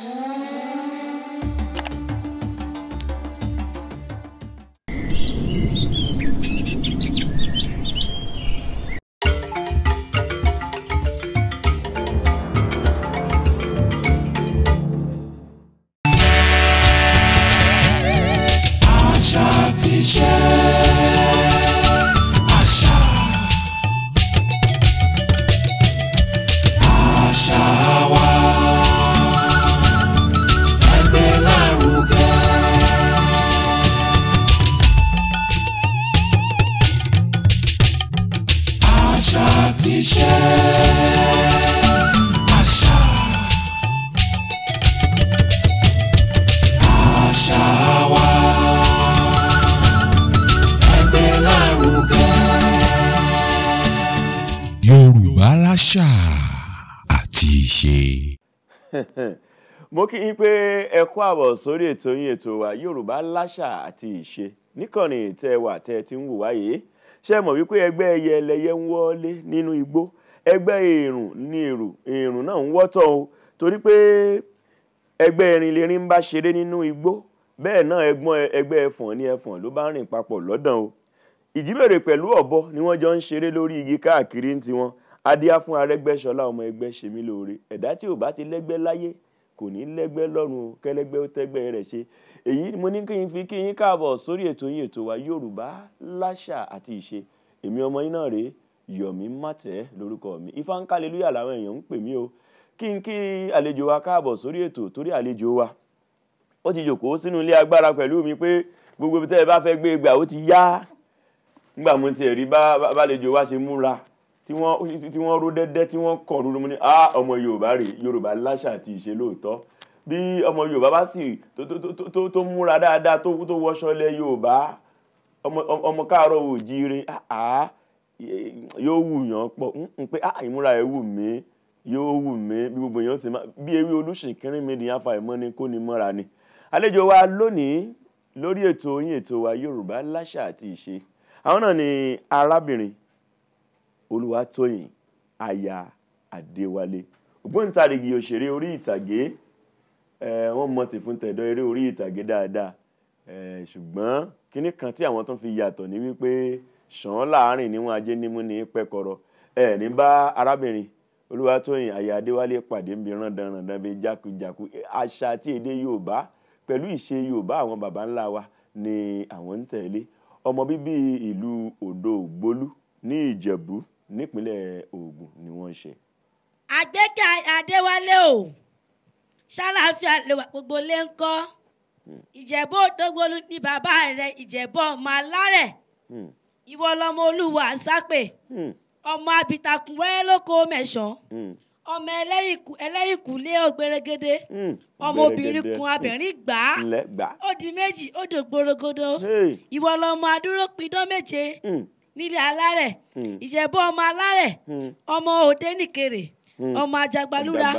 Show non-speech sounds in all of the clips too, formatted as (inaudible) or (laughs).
Thank you. (laughs) mo kí yín pé ẹ kú àbọ̀ sórí ètò yín ètò wa yorùbá láṣà àti ìṣe níkànnì tẹ́ wà tẹ́ ti ń wò wáyé ṣe mọ̀ wípé ẹgbẹ́ ẹyẹ ẹlẹ́yẹ ń wọlé nínú igbó ẹgbẹ́ èrùn ní èrù èrùn náà ń wọ́tọ̀ o torí pé ẹgbẹ́ erin lè rìn bá ṣeré nínú igbó bẹ́ẹ̀ náà ẹgbọ́n ẹgbẹ́ ẹfọ̀n ní ẹfọ̀n ló bá rìn papọ̀ lọ́dàn o ìjímèrè pẹ̀lú ọ̀bọ ni wọ́n jọ ń ṣeré lórí igi káàkiri ń tiwọn adíá fún arẹ́gbẹ́ṣọlá ọmọ ẹgbẹ́ ṣe mí lóore ẹ̀dá tí ò bá ti lẹ́gbẹ́ láyé kò ní lẹ́gbẹ́ lọ́rùn o kẹlẹ́gbẹ́ ó tẹ́gbẹ́ rẹ̀ ṣe èyí mo ní kí n fi kí yín káàbọ̀ sórí ètò yín ètò wa Yorùbá láṣà àti ìṣe èmi ọmọ yín náà rèé Yọ̀mí Mátẹ̀ lórúkọ mi Ifá ń kálelúyà làwọn èèyàn ń pè mí o kí n kí àlejò wa káàbọ̀ sórí ètò torí àlejò wa ó ti jòkó sínú ilé agbára pẹ̀lú mi pé gbogbo ibi tẹ́ ẹ bá fẹ́ gbé e gbà ó ti yá nígbà mo ti bá àlejò wa ṣe múra tí wọ́n tí wọ́n ró dẹ́dẹ́ tí wọ́n kọ̀ rúru mu ní ah ọmọ yorùbá rè yorùbá láṣà àti ìṣe lóòótọ́ bí ọmọ yorùbá bá sì tó múra dáadáa tó tó wọṣọ lẹ yorùbá ọmọ káàárọ̀ òjíire ah, ah yóò wù yàn pọ̀ n pé ah ìmúra ẹ̀ wù mí yóò wù mí bí gbogbo èèyàn sì máa bí ewé olùsìnkírín mi nìyàn fa ìmọ́ni kó ni mọ́ra ni àlejò wa lónìí lórí ètò yín ètò wa yorùbá láṣà àti ìṣe àwọn náà ni arábìnrin olúwatóyìn aya adéwálé ògbóǹtarìgì òṣèré orí ìtàgé wọ́n mọ̀ ti fún tẹ̀dọ̀ eré orí ìtàgé dáadáa ṣùgbọ́n kínní kan tí àwọn tó fi yàtọ̀ ní wípé ṣàn láàrin níwọ̀n ajé nímú ní pẹ́kọ̀rọ̀ ẹ̀ ní bá arábìnrin olúwatóyìn aya adéwálé pàdé ń bi rándanrandan bíi jákujàku àṣà àti èdè yorùbá pẹ̀lú ìṣe yorùbá àwọn baba ńlá wa ni àwọn ń tẹ̀lé ọmọ bíbí ìlú odò ògbólú ní ìjẹ̀bú nípínlẹ̀ Ògùn ni wọ́n ń ṣe. àgbékẹ́ Adéwálé o ṣàlàáfíà lèwà gbogbo lè ń kọ́ hmm. ìjẹ̀bú òdógbòlù ni bàbá rẹ̀ ìjẹ̀bú ọmọ alárẹ̀ hmm. ìwọ lọmọ olúwa àṣàpè hmm. ọmọ abitakun wẹ́rẹ́ lóko mẹ́sàn-án ọmọ ẹlẹ́yìnkùlé ògbérégédé ọmọ obìnrin kun abẹ̀rín gbà á ó di méjì ó dògbòrogodo ìwọ lọmọ adúrópidán méje. nílẹ̀ alárẹ̀ hmm. ìjẹ̀bú ọmọ alárẹ̀ hmm. ọmọ òdẹ́nìkèrè hmm. ọmọ ajagbalúra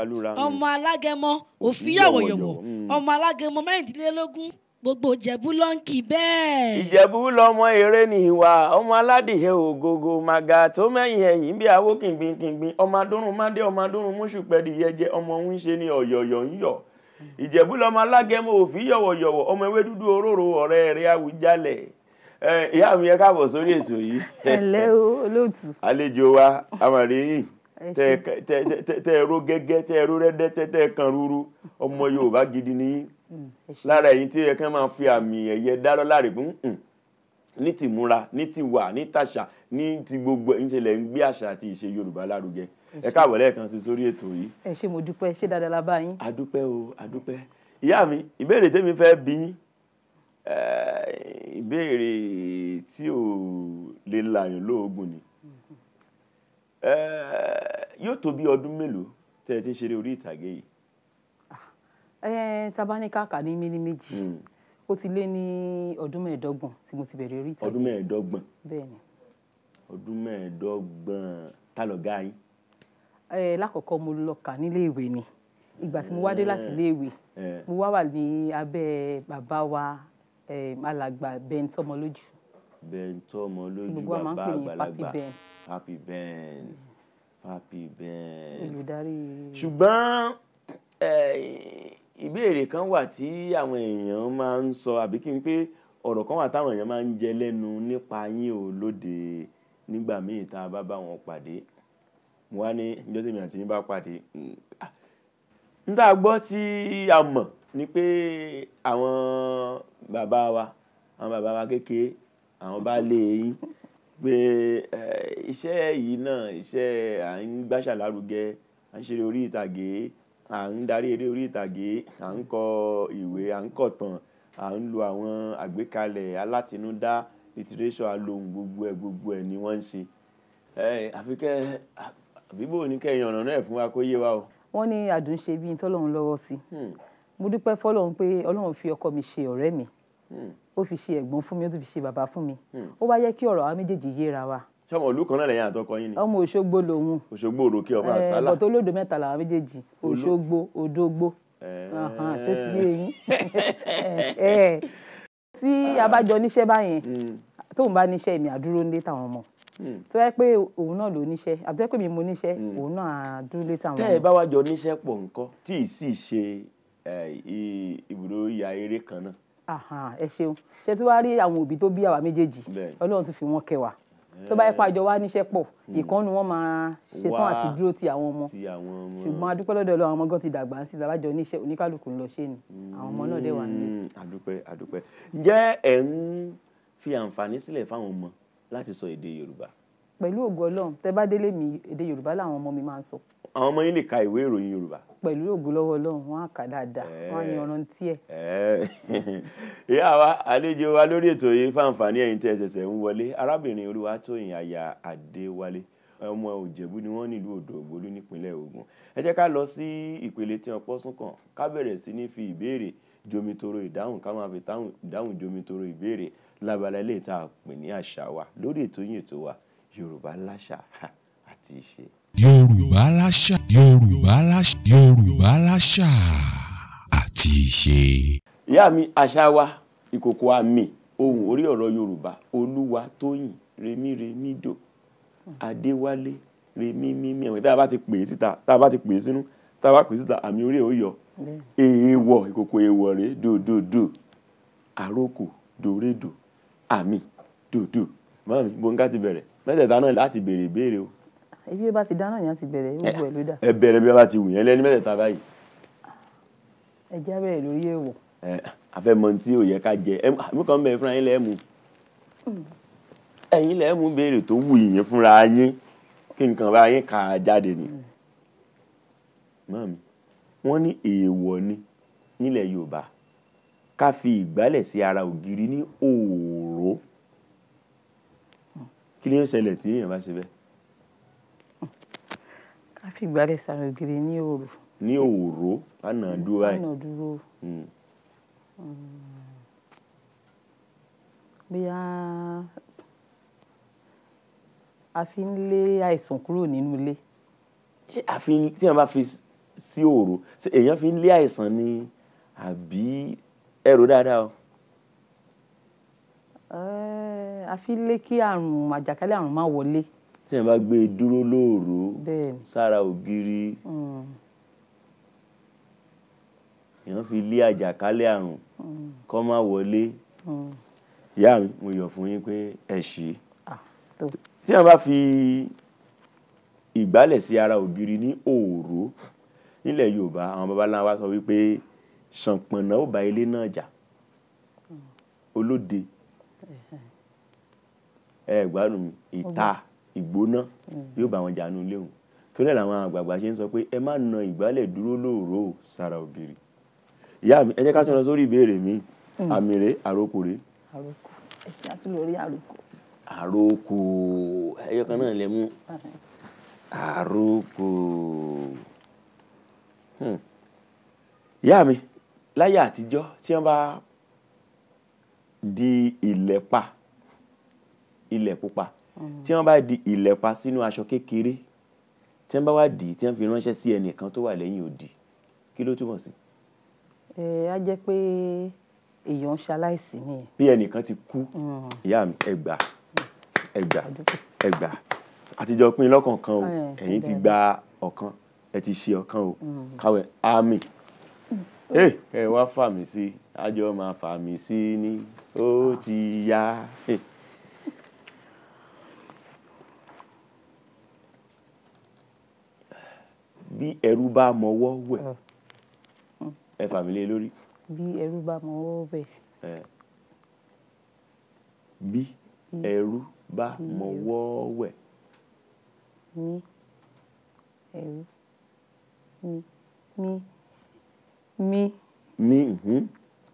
ọmọ alágẹmọ òfíyàwọ̀yọ̀wọ̀ ọmọ alágẹmọ mẹ́rìndínlélógún gbogbo ìjẹ̀bú ló ń kì bẹ́ẹ̀. ìjẹ̀bú lọmọ eré ni ìwà ọmọ aládìhẹ ògógó màgà tó mẹ́yìn ẹ̀yìn bí awó kìngbìnkìngbìn ọmọ adúrún mádé ọmọ adúrún múṣùpẹ̀dì yẹjẹ ọmọ ń ṣe ni ọ̀yọ̀yọ̀ ń yọ̀ ìjẹ̀bú lọmọ alágẹmọ òfíyàwọ̀yọ̀wọ̀ ọmọ ewé dúdú òróró ọ̀rẹ́ rẹ̀ Awùjalẹ̀. ìyá mi ẹ káàbọ̀ sórí ètò yìí. ẹ̀lẹ́ o olóòtú. (laughs) àlejò wa amàríyìn tẹ ẹ̀rọ gẹ́gẹ́ tẹ ẹ̀rọ rẹ́dẹ́ tẹ tẹ kan rúru ọmọ Yorùbá gidi ni yín mm, lára ẹ̀yin tí ẹ kàn máa fi àmì ẹ̀yẹ dá lọ́la rè fún mm, ní ti múra ní ti wà ní tàṣà ní ti gbogbo ìṣẹ̀lẹ̀ ń gbé àṣà àti ìṣe Yorùbá lárugẹ ẹ káàbọ̀ lẹ́ẹ̀kan sí sórí ètò yìí. ẹ ṣé mo dúpẹ́ ṣé dáadáa la bá yín. adúpẹ́ o adúpẹ́ ìyá mi ìbéèrè tèmi fẹ́ bi yín ìbéèrè tí ò lè làyàn lóògùn ni yóò tó bí ọdún mélòó tẹ́ ẹ ti ń ṣeré orí ìtàgé yìí. Ah, tabaníkà kà ní mílí méjì hmm. ó ti lé ní ọdún mẹ́ẹ̀ẹ́dọ́gbọ̀n tí mo ti bẹ̀rẹ̀ orí ìtàgé. ọdún mẹ́ẹ̀ẹ́dọ́gbọ̀n. ọdún mẹ́ẹ̀ẹ́dọ́gbọ̀n ta lọ̀gá yín. lákọ̀ọ́kọ́ mo lọ kà nílé ìwé ni ìgbà tí mo wá dé láti eh, ilé ìwé eh. mo wá wà ní abẹ́ bàbá wa alàgbà Bẹ́ntọ́mọlójú. Bẹ́ntọ́mọlójú bàbá àgbàlagbà Papi Ben Papi Ben. olùdarí. ṣùgbọ́n eh, ìbéèrè kan wà tí àwọn èèyàn máa ń sọ àbí kí n pé ọ̀rọ̀ kan wà táwọn èèyàn máa ń jẹ lẹ́nu nípa yín ò lóde nígbà míì tá a bá bá wọn pàdé mo wá ní ìjọ́sìn mi àti yín bá pàdé hmm, ah, n tá gbọ́ tí a mọ̀ ni pé àwọn bàbá wa àwọn bàbá wa kékeré àwọn bá lé yín pé iṣẹ́ yìí náà iṣẹ́ à ń gbàṣà lárugẹ à ń ṣeré orí ìtàgé à ń darí eré orí ìtàgé à ń kọ ìwé à ń kọ̀tàn à ń lo àwọn àgbékalẹ̀ alátinúdá litiréṣọ alohun gbogbo ẹ̀ gbogbo ẹ̀ ni wọ́n ń ṣe àfi kẹ́ àbíbò ní kẹ́ ìyànnà náà fún wa kó yé wa o. wọ́n ní àdùn bíi tọ́lọ́run lọ́wọ́ sí i. Hmm mo dúpẹ́ fọlọ́run pé ọlọ́run fi ọkọ mi ṣe ọ̀rẹ́ mi hmm. ó fi ṣe ẹ̀gbọ́n fún mi ó tún fi ṣe bàbá fún mi hmm. ó wá yẹ kí ọ̀rọ̀ àwọn méjèèjì yéra wa. sọmọ ìlú kan náà lẹ́yìn àtọkọ yín ni. ọmọ òṣogbo lòun òṣogbo òrókè ọba eh, àsálà ẹ̀ẹ́dọ̀ tó lòdò mẹ́ta làwọn méjèèjì òṣogbo òdògbò eh. ṣé ti yé yín. (laughs) Eh, tí abájọ níṣẹ́ báyẹn hmm. tóun bá níṣẹ́ èmi àdúró nílé táwọn ọmọ tó yẹ pé òun náà ló níṣẹ́ àbúrò pé mi mo níṣẹ́ òun náà àdúró nílé táwọn ọmọ. tẹ́ ẹ bá wá jọ níṣẹ́ pọ̀ nǹkan tí ì sì ṣe ibùdó ìyá eré kan náà. ẹ ṣeun ṣe tí wàá rí àwọn òbí tó bí àwa méjèèjì ọlọ́run ti fi wọ́n kẹ́ wa tó bá yẹ pa àjọ wa níṣẹ́ pọ̀ hmm. ìkànnì wọn máa ṣetán àti dúró ti àwọn ọmọ ṣùgbọ́n adúpẹ́ lọ́dọ̀ Ọlọ́run àwọn ọmọ gan ti dàgbà sí ìdábàjọ níṣẹ́ oníkálukú ń lọ ṣe ni àwọn ọmọ náà dẹ̀ wà nílé. Hmm, adúpẹ́ adúpẹ́ ǹjẹ́ ẹ̀ ń fi àǹfààní sílẹ̀ fáwọn ọmọ láti sọ èdè Yorùbá pẹ̀lú ògo ọlọ́run tẹ bá délé mi èdè yorùbá làwọn ọmọ mi máa ń sọ. àwọn ọmọ yín lè ka ìwé ìròyìn yorùbá. pẹ̀lú ògo lọ́wọ́ ọlọ́run wọn á kà dáadáa wọn á eh. yanrantí ẹ̀. Eh. (laughs) ìyá wa àlejò wa lórí ètò yìí fáǹfààní ẹ̀yin tẹ́ ẹ ṣẹ̀ṣẹ̀ ń wọlé arábìnrin olúwatóyìn aya adéwálé ọmọ òjẹ̀bú ni wọ́n nílùú odò ògbólú nípínlẹ̀ ògùn ẹ jẹ́ ká lọ sí ìpele tí ọpọ́ sún kàn ká bẹ̀rẹ̀ sí ní fi ìbéèrè jomitoro ìdáhùn ká máa fi dáhùn jomitoro ìbéèrè lábala ilé ìta àpè ní àṣà wa lórí ètò yìí ètò wa yorùbá láṣà àti ìṣe. yorùbá láṣà yorùbá láṣà yorùbá láṣà àti ìṣe. ìyá mi àṣà wa ìkòkò àmì ohun orí ọ̀rọ̀ yorùbá olúwa tóyìn remi remi dò adéwálé remi mímí ẹ̀wọ̀n tá a bá ti pè é síta tá a bá ti pè é sínú tá a bá pè é síta àmì orí ẹ̀ ó yọ èèwọ̀ ìkòkò èèwọ̀ rèé dòdòdò àròkò dòrédò àmì dòdò màmí bóńgá ti bẹ̀rẹ̀ mẹ́tẹ̀ẹ̀ta náà láti béèrè béèrè o. ibi bá ti dáná yẹn ti bẹ̀rẹ̀ gbogbo ẹ̀ ló dà. ẹ bẹ̀rẹ̀ bí wọ́n bá ti wù yẹn lẹ́ni mẹ́tẹ̀ẹ̀ta báyìí. ẹ já bẹ̀rẹ̀ lórí èèwọ̀. ẹ afẹ́ mọ tí ò yẹ ká jẹ ẹ mú kàn bẹ̀rẹ̀ fúnra yín lẹ́ẹ̀mú. ẹ̀yin lẹ́ẹ̀mú béèrè tó wù yín fúnra yín kí nǹkan bá yín kà á jáde ni. mọ́mi wọ́n ní èèwọ̀ ni nílẹ̀ Yorùbá ká fi ìgbálẹ̀ sí ara ògiri ní òòró kí ló ń ṣẹlẹ̀ tí èèyàn bá ṣe bẹ́ẹ̀. ká fi ìgbálẹ̀ sàrò ògiri ní òru. ní òru àná dúró báyìí. àná dúró. Hmm. bóyá a fi ń lé àìsàn kúrò nínú ilé. ṣé àfi tí wọn bá fi sí òru èèyàn fi ń lé àìsàn ni àbí ẹrù dáadáa o àfi eh, lé kí àrùn àjàkálẹ̀ àrùn má wọlé. tí èèyàn bá gbé e dúró lóòró sára ògiri mm. èèyàn fi lé àjàkálẹ̀ àrùn mm. kó má wọlé mm. ìyá mi mo yọ̀ fún yín pé ẹ ṣe tí èèyàn bá fi ìgbálẹ̀ sí ara ògiri ní òòró nílẹ̀ Yorùbá àwọn babaláwo wa sọ wípé ṣànpọ̀nná ó ba ilé náà jà olóde. Ja ẹ gbádùn ìta ìgbóná mm. yóò bá wọn jàánu léhùn torí ẹ̀ làwọn àgbààgbà ṣe ń sọ pé ẹ má na ìgbálẹ̀ dúró lóòró sára ògiri ìyá mi ẹ jẹ́ ká tún lọ sórí ìbéèrè mi mm. àmìrè àròkù rè. àròkù ẹ ti àtúlórí àròkù. àròkù ẹyọ kan náà lè mú àròkù. Hmm. ìyá mi láyé àtijọ́ tí wọ́n bá di ìlẹ̀pa ilẹ̀ pupa hmm. tí wọ́n bá di ìlẹ̀pa sínú aṣọ kékeré tí wọ́n bá wá dì í tí wọ́n fi ránṣẹ́ sí ẹnìkan tó wà lẹ́yìn odi kí ló túmọ̀ sí. ẹ á jẹ́ pé èèyàn ń ṣaláìsí nìyẹn. bí ẹnìkan ti kú hmm. ìyá mi ẹ gbà ẹ gbà ẹ gbà àtijọ́ pín lọ́kàn kan o ẹ̀yin ti gba ọ̀kan ẹ ti ṣe ọ̀kan o hmm. káwé àmì ẹ wá fà mí sí àjọ máa fà mí sí ni ó ti yá. bí ẹrú bá mọwọ́ wẹ̀ ẹ fà mí lé lórí. bí ẹrú bá mọwọ́ wẹ̀. bí ẹrú bá mọwọ́ wẹ̀. mi ẹrú mi mi mi. mi. Mm-hmm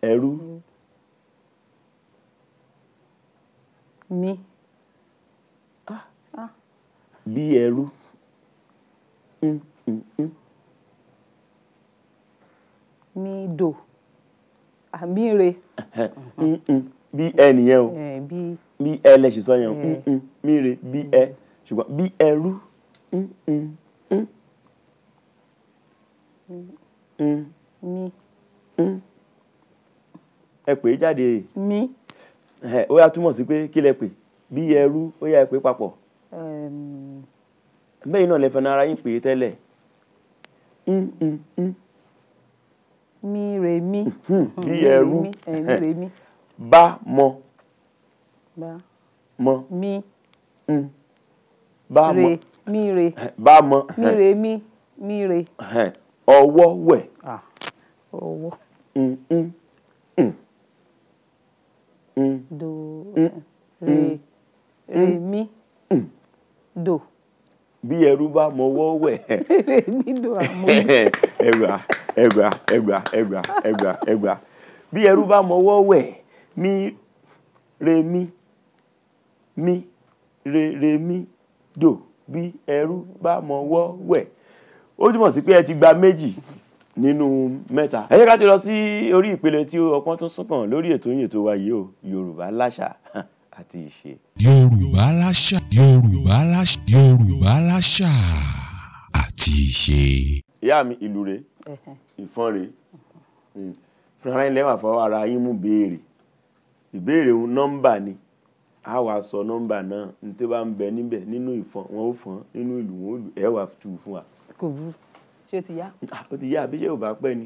ẹrú. mi. Ah. Ah. bí ẹrú. Mm, mm, mm. mi dò àmì re. bí ẹ nìyẹn o bí ẹ lẹ́sìn sọ yẹn o mi re bí ẹ ṣùgbọ́n bí ẹrú. Mm-mm. Mm. ẹ pè é jáde. mi. ẹ ó yá túmọ̀ sí pé kí lẹ pè bí ẹrú ó yá ẹ papọ̀. mẹ́yìn náà lẹ fẹ́ nara yín pè é tẹ́lẹ̀. mi rè mí. (laughs) bí ẹrú bá mọ. mọ. mi. rè mi rè. bá mọ. mi rè mi mi rè. ọwọ́ wẹ̀. ọwọ́. Mm-mm. mm mm Mm. do mm. Eh, re mm. re mi do bí ẹrú bá mọwọ́ wẹ̀. (laughs) (laughs) ẹgbà ẹgbà ẹgbà ẹgbà ẹgbà ẹgbà bí ẹrú bá mọwọ́ wẹ̀ mí re mi mi re re mi do. bí ẹrú bá mọwọ́ wẹ̀ ó túmọ̀ sí pé ẹ ti gba méjì nínú mẹ́ta. ẹ yẹ ká ti lọ sí orí ìpele tí ọpọ́n tún súnkàn lórí ètò yìí ètò wa yìí o yorùbá láṣà àti ìṣe. yorùbá láṣà yorùbá láṣà yorùbá láṣà àti ìṣe. ìyá mi ìlú rẹ̀ ìfọ́n rẹ̀ fúnra ilé wà fọwọ́ ara yín mú béèrè ìbéèrè òun nọ́mbà ni a wà sọ nọ́mbà náà ní tí wọ́n bá ń bẹ níbẹ̀ nínú ìfọ́n wọn ò fọ́n nínú ìlú wọn ò lù ẹ̀ wà tù fún wa. kò burú ṣé o ti yá. Ah, o ti yá àbí ṣé ò bá pẹ́ ni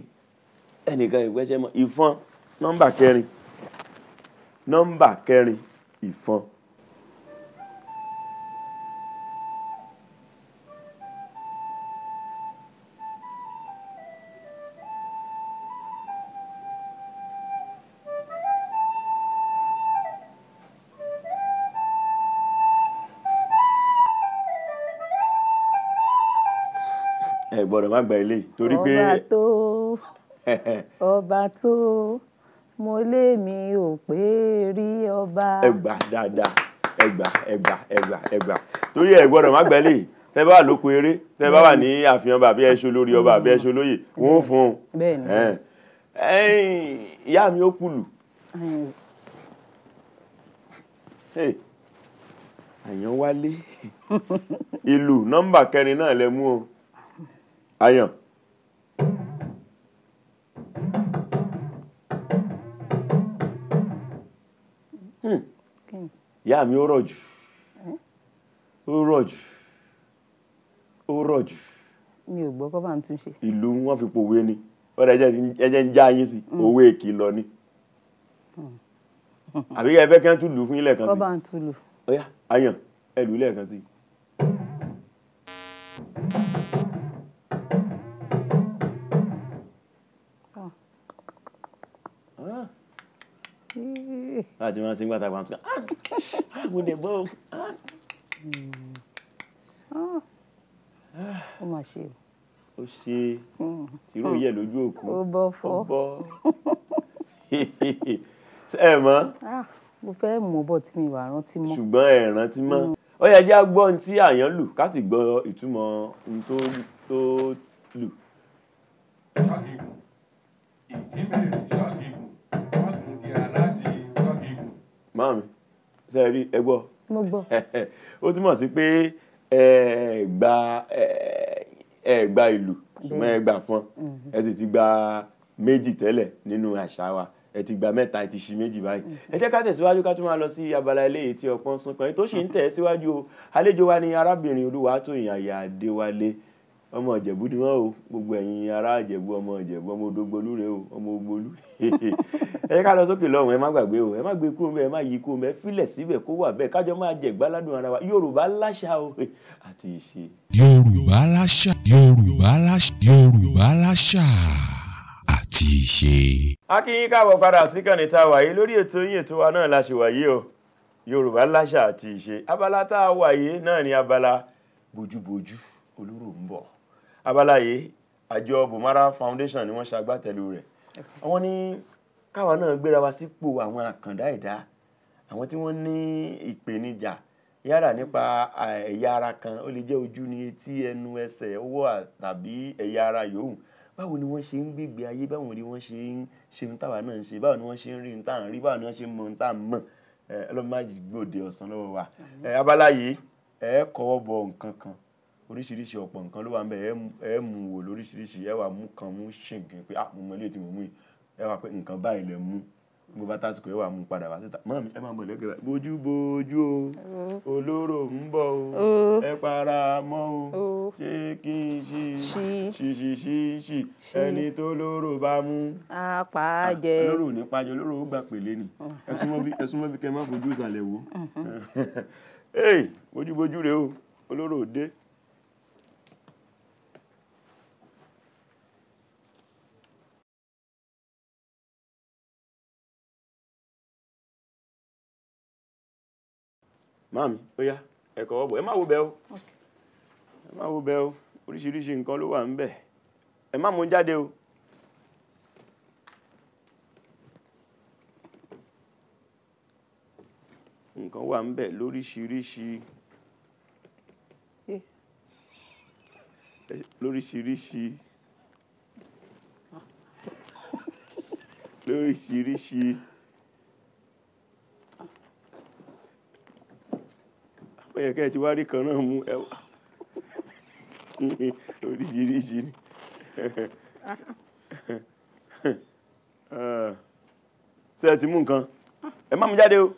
ẹnìkan ìwẹ́sẹ̀ mọ́ ìfọn nọ́mbà kẹrin nọ́mbà kẹrin ìfọn gbọ́dọ̀ má gba ilé torí pé. ọba tó (laughs) ọba tó mo lé mi ò pé rí ọba. ẹgbà dáadáa ẹgbà ẹgbà ẹgbà ẹgbà torí ẹ gbọ́dọ̀ má gba ilé tẹ bá wà lóko eré tẹ bá wà ní hmm. àfihàn bàbí ẹṣọ lórí ọba àbí ẹṣọ lóyè wọn ò fún un. bẹ́ẹ̀ni ìyá mi ó kùlù àyàn wálé ìlú nọ́mbà kẹrin náà lẹ mú o àyàn. ìyá mi ó rọ̀ jù ó rọ̀ jù ó rọ̀ jù. mi ò gbọ́ kó bá ń túnṣe. ìlú wọn fi pòwe ni ọ̀rẹ́ ẹ̀jẹ̀ ń já yín sí owó hmm. èkì lọ ni hmm. àbí ẹ fẹ́ kí wọ́n tún lù fún yín lẹ́ẹ̀kan sí. kó bá ń tún lù. ọ̀yá àyàn ẹ lù lẹ́ẹ̀kan láti máa ń sin gbàtà pàǹsùn ah! ah, mo dẹ̀ gbọ́ o. Ah! ó mà ṣe o. ó ṣe hmm. tìrú yẹ lójú òkú ó bọ́ fọ́ ó bọ́ (laughs) ẹ mọ̀. mo fẹ́ mọ̀ bọ́ tí mi wà rántí mọ́. ṣùgbọ́n ẹ rántí mọ́ hmm. ó yẹ jẹ́ gbọ́ ohun tí àyàn lù ká sì gbọ́ ìtumọ̀ ohun tó lù. ìdí mẹ́rin ṣe. màámi ṣe rí ẹ gbọ́. mo gbọ́. (laughs) ó túmọ̀ sí pé ẹ gba ẹ gba ìlú ṣùgbọ́n ẹ gbà fún mm-hmm. ẹ sì ti gba méjì tẹ́lẹ̀ nínú àṣà wa ẹ ti gba mẹ́ta ẹ ti ṣi méjì báyìí mm-hmm. ẹ jẹ́ ká tẹ̀síwájú ká tún máa lọ sí abala eléyìí tí ọpọ́n sún kan ètò sì ń tẹ̀ síwájú o àlejò wa ni arábìnrin Olúwatóyìn Àyà Adéwálé ọmọ ìjẹ̀bú ni wọ́n o gbogbo ẹ̀yin ará ìjẹ̀bú ọmọ ìjẹ̀bú ọmọ odògbolú rẹ o ọmọ ogbolú (laughs) ẹ ká lọ sókè lọ́hùn ẹ má gbàgbé o ẹ má gbé kúrò mẹ́ ẹ má yí kúrò mẹ́ filẹ̀ síbẹ̀ kó wà bẹ́ẹ̀ kájọ máa jẹ ìgbáládùn ara wa yorùbá láṣà o àti ìṣe. yorùbá láṣà yorùbá láṣà yorùbá láṣà àti ìṣe. a kí yín káàbọ̀ padà sí kànnì tá a wa náà o yorùbá láṣà àti ìṣe abala tá a ni abala bójúbójú olóró ń bọ̀ abala yìí àjọ Bùmárà Foundation ni wọ́n ṣagbátẹ̀lú rẹ̀ àwọn ní káwa náà gbéra wa sípò àwọn àkàndá ẹ̀dá àwọn tí wọ́n ní ìpèníjà yálà nípa ẹ̀yà ara kan ó lè jẹ́ ojú ni etí ẹnu ẹsẹ̀ ọwọ́ tàbí ẹ̀yà ara yòówù báwo ni wọ́n ṣe ń gbègbè ayé báwo ni wọ́n ṣe ń ṣe ń táwa náà ṣe báwo ni wọ́n ṣe ń rí ń rí báwo ni wọ́n ṣe ń mọ ń tà ń ọlọ́mọ má gbòde ọ̀sán lọ́wọ́ wa abala yìí ẹ kọ́wọ́ bọ nǹkan kan oríṣiríṣi ọ̀pọ̀ nǹkan ló wà ń ẹ mú wò lóríṣiríṣi ẹ wà mú kan mú ṣìnkìn pé ah mo mọ ilé tí mo mú yìí ẹ wà pé nǹkan báyìí lẹ mú mo bá tásìkò ẹ wà mú padà wá síta mọ́ mi ẹ máa bọ̀ lẹ́gbẹ̀ẹ́ báyìí bójú bójú o olóró ń bọ̀ o ẹ para mọ́ o ṣé kí n ṣí ṣí ṣí ṣí ẹni tó lóró bá mú. apàjẹ ah, olóró ò ní pàjẹ olóró ó gbà pèlè ni ẹ súnmọ́ kẹ́ ẹ má fojú ìsàlẹ̀ wò bójú bójú rèé o olóró ò dé. mami Oya, yá ẹ̀kọ́ ọ̀bọ̀ ẹ má wo bẹ́ẹ̀ o ẹ má wo bẹ́ẹ̀ o oríṣiríṣi nǹkan ló wà ń bẹ̀ ẹ má mú jáde o. nǹkan wà ń bẹ̀ lóríṣiríṣi eh. lóríṣiríṣi (laughs) lóríṣiríṣi. ẹ̀kẹ́ ti wá rí kan náà mú ẹ wá oríṣiríṣi ni. ṣé ẹ ti mú nǹkan ẹ má mú jáde o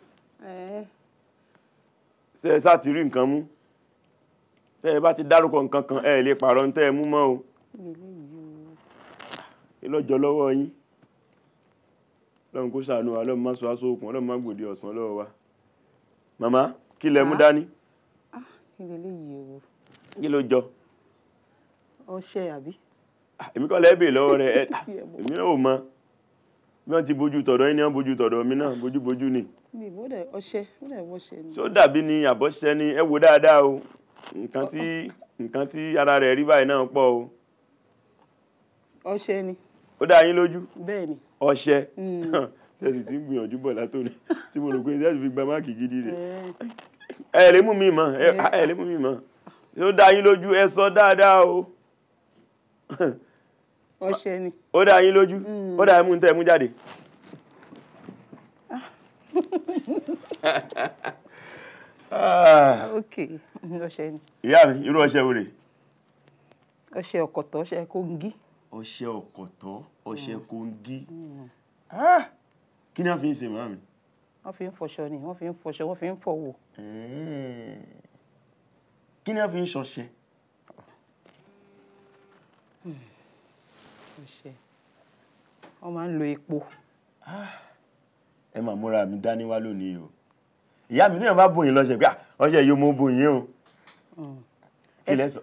ṣé ẹ sáà ti rí nǹkan mú tẹ́ ẹ bá ti dárúkọ nǹkan kan ẹ lè pààrọ̀ ń tẹ́ ẹ mú mọ́ o lọ́jọ́ lọ́wọ́ yín lọ́run kó ṣàánú wa lọ́run má sọ aṣọ okùn lọ́run má gbòdì ọ̀sán lọ́wọ́ wa màmá kí lẹ mú dání kí ni eléyìí ewu. kí ló jọ. ọṣẹ àbí. Ah, èmi kọ́ lẹ́ẹ̀bẹ̀ lọ́wọ́ rẹ̀ (laughs) ah, èmi náà ò mọ bí wọ́n ti bójú tọ̀dọ̀ yín ni wọ́n bójú tọ̀dọ̀ mi náà bójú bójú ni. mi ò dẹ̀ ọṣẹ ó dẹ̀ wọṣẹ ni. só dàbí ni àbọ̀ṣẹ ni ẹ wo dáadáa o nǹkan tí nǹkan tí ara rẹ̀ rí báyìí náà pọ̀ o. ọṣẹ ni. ó dá yín lójú. bẹ́ẹ̀ ni. ọṣẹ hmm. (laughs) ṣe sì ti ń gbìyànjú bọ̀ látòní tí mo rò pé ṣe é fi gba máàkì gidi rẹ̀ ẹ̀lẹ́ mú mi mọ́ ẹ̀lẹ́ mú mi mọ́ tí ó dá yín lójú ẹ sọ dáadáa o ọṣẹ ni ó dá yín lójú hmm. ó dá yín mú tẹ́ mú jáde ah. (laughs) ok ọṣẹ ni ìyá mi irú ọṣẹ wo rè ọṣẹ ọ̀kọ̀tọ̀ ọṣẹ kóńgí ọṣẹ ọ̀kọ̀tọ̀ ọṣẹ hmm. kóńgí hmm. Ah! kí ni a fi ń ṣe màámi wọ́n fi ń fọṣọ ni wọ́n fi ń fọṣọ wọ́n fi ń fọwọ́. kí ni wọ́n fi ń ṣọṣẹ. wọ́n máa ń lo epo. Ah, ẹ máa múra mi dání wá lónìí o ìyá mi níyàn bá bòyìn lọ́sẹ̀ pé ọṣẹ yìí mo bòyìn o. Mm. kí lẹ sọ.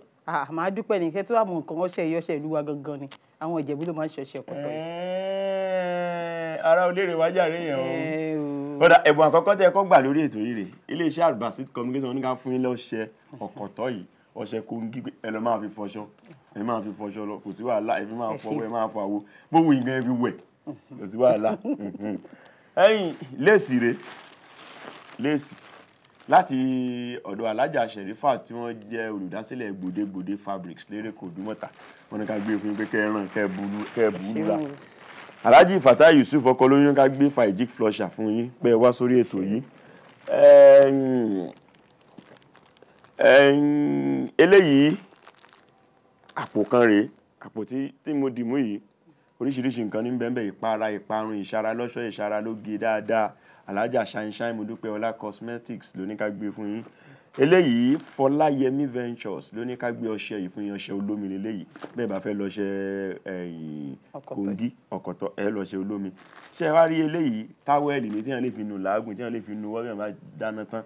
màá dúpẹ́ nìkẹ́ tó wà mọ̀ nǹkan ọṣẹ yìí ọṣẹ ìlú wa gangan ni àwọn ìjẹ̀bú ló máa ń ṣọṣẹ ọ̀pọ̀tọ̀ yìí. ara olóore wájà rèé yẹn o kódà ẹ̀bùn àkọ́kọ́ tẹ́ ẹ kọ́ gbà lórí ètò yìí rè iléeṣẹ́ albasit communication oníkà fún yín lọ́ṣẹ ọ̀kọ̀tọ́ yìí ọṣẹ kóńgí ẹ lọ máa fi fọṣọ ẹ máa fi fọṣọ lọ kò sí wàhálà ẹ fi máa fọwọ́ ẹ máa fọ àwo gbówó nǹkan ẹ fi wẹ̀ kò sí wàhálà ẹ̀yin léèsì rè léèsì láti ọ̀dọ̀ alájà Sherifa tí wọ́n jẹ́ olùdásílẹ̀ gbòdegbòde fabrics lérè kò dúmọ̀tà wọn ni ká gbé e fún yín pé kẹ́ ẹ ràn kẹ́ ẹ bú lura alhaji fata Yusuf Ọkọlóyún ká gbé fàìjì flusher fún yín pé ẹ wá sórí ètò yìí eléyìí àpò kan rèé àpò tí mo dì mú yìí oríṣiríṣi nǹkan ní bẹ́ẹ̀ ìpara ìparun ìṣara lọ́ṣọ́ ìṣara lóge dáadáa alájà shine mo dúpẹ́ ọlá cosmetics lóníkàgbé fún yín eléyìí Fọláyẹmí Ventures ló ní ká gbé ọṣẹ yìí fún yín ọṣẹ olómi lélẹyìí bẹ́ẹ̀ bá fẹ́ lọṣẹ kòǹgì ọ̀kọ̀tọ̀ ẹ lọṣẹ olómi ṣé ẹ wá rí eléyìí táwẹẹlì ní tíyan lè fi nu làágùn tíyan lè fi nu wọbẹ máa dáná tán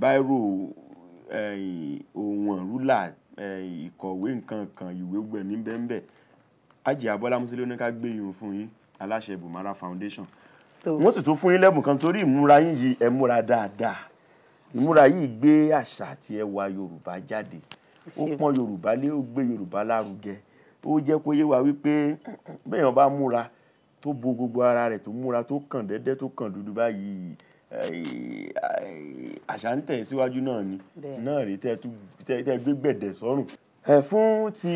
báírò òwọ̀n rúlà ìkọ̀wé nǹkan kan ìwé gbẹ ní bẹ́ẹ̀nbẹ́ẹ̀ Abọ́lá Musili ló ní ká gbé yín fún yín aláṣẹ Bùmárà Foundation wọ́n sì tún fún yín lẹ́bùn kan torí ìmúra yín yìí ẹ múra dáadáa ìmúra yìí gbé àṣà àti ẹwà yorùbá jáde ó pọ́n yorùbá lé ó gbé yorùbá lárugẹ ó jẹ́ kó yé wa wípé bẹ́ẹ̀yàn bá múra tó bo gbogbo ara rẹ̀ tó múra tó kàn dẹ́dẹ́ tó kàn dúdú báyìí eh, àṣà ń tẹ̀ síwájú náà ni náà rí tẹ́ gbé gbẹ̀dẹ̀ sọ́rùn. ẹ fún ti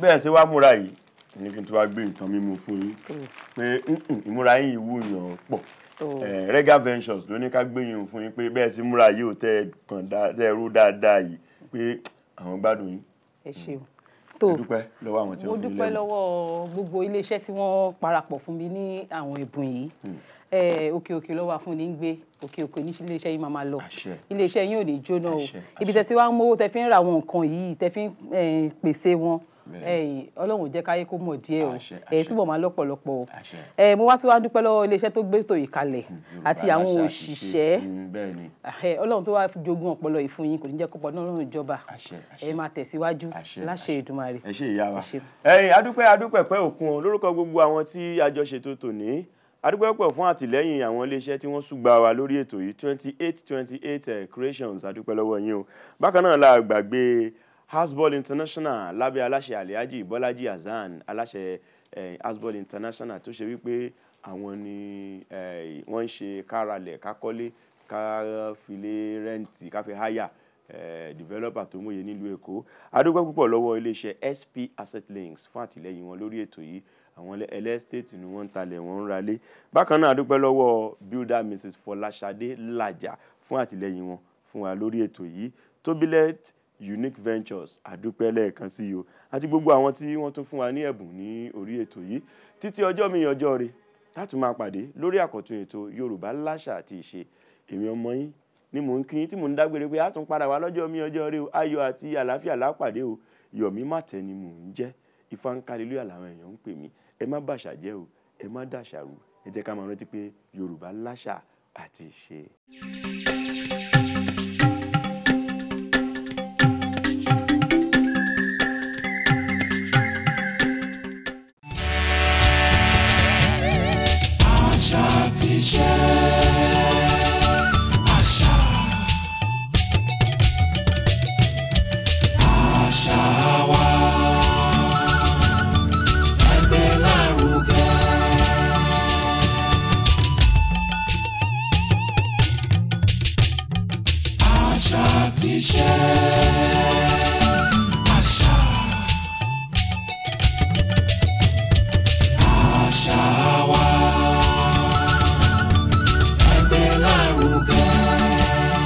bẹ́ẹ̀ ṣe wá múra yìí ní kí n tó wá gbé nǹkan mímu fún yín pé ìmúra yín ìwúyàn pọ̀ Eh, Rega Ventures ló ní ká gbẹ̀yìn fún yín pé bẹ́ẹ̀ sí múra yìí ò tẹ́ kàn tẹ́ rú dáadáa yìí pé àwọn gbádùn yín. ẹ ṣeun tó mm. mo dúpẹ́ lọ́wọ́ àwọn tí wọ́n fi lẹ́nu. mo dúpẹ́ lọ́wọ́ gbogbo iléeṣẹ́ tí wọ́n parapọ̀ fún mi ní àwọn ẹ̀bùn yìí mm. eh, òkè òkè lọ́wọ́ afúnni ń gbé òkè òkè ní iléeṣẹ́ yìí máa máa lọ iléeṣẹ́ yín ò ní jóná o ibi tẹ́ ti wá ń mówó tẹ́ fi ń ra àwọn nǹkan yìí tẹ́ fi ń eh, pèsè wọn ọlọ́run ò jẹ́ káyé kó mọ̀ díẹ̀ o èyí túbọ̀ máa lọ́pọ̀lọpọ̀ o mo wá tí wàá dúpẹ́ lọ́wọ́ iléeṣẹ́ tó gbé ètò yìí kalẹ̀ hmm, àti àwọn òṣìṣẹ́ hmm, ọlọ́run tó wá jogún ọpọlọ yìí fún yín kò ní jẹ́ kó pọ̀ lọ́rùn ìjọba ẹ máa tẹ̀síwájú láṣẹ Èdùmàrè. ẹ ṣe ìyá wa ẹyin adúpẹ́ adúpẹ́ pẹ́ òkun lórúkọ gbogbo àwọn tí a jọ ṣètò tòní adúpẹ́pọ̀ fún àtìlẹ́yìn àwọn iléeṣẹ́ tí wọ́n súgbà wa lórí ètò yìí twenty eight twenty eight eh, creations adúpẹ́ lọ́wọ́ yín o bákan náà la gbàgbé Hasball International lábẹ́ aláṣẹ Alhaji Bọ́lájí Hasan aláṣẹ eh, Hasball International tó ṣe wípé àwọn ni eh, wọ́n ń ṣe káralẹ̀ kákọ́lé káfílé rẹ́ǹtì káfí háyà eh, developer tó múye nílùú Èkó adúgbò púpọ̀ lọ́wọ́ iléeṣẹ́ SP Asset Links fún àtìlẹ́yìn wọn lórí ètò yìí àwọn ẹlẹ́stéètì ni wọ́n ń talẹ̀ wọ́n ń ralé bákan náà adúpẹ́ lọ́wọ́ builder Mrs Fọláṣadé Làjà fún àtìlẹ́yìn wọn fún wa lórí ètò yìí Tobilet unique ventures àdúpẹ́ lẹ́ẹ̀kan sí i o àti gbogbo àwọn tí wọ́n tún fún wa ní ẹ̀bùn ní orí ètò yìí títí ọjọ́ mi ọjọ́ rẹ̀ láti máa pàdé lórí àkọ́tún ètò yorùbá láṣà àti ìṣe èmi ọmọ yín ni mò ń kí yín tí mò ń dágbére pé a tún padà wá lọ́jọ́ mi ọjọ́ rẹ̀ o ayọ̀ àti àlàáfíà lápàdé o yọ̀mí màtẹ́ ni mò ń jẹ́ ifá ń kálí lóyà làwọn èèyàn ń pè mí ẹ má bàṣà jẹ́ o ẹ má dàṣà rú ẹ jẹ́ ká máa rántí pé yorùbá láṣà àti ìṣe.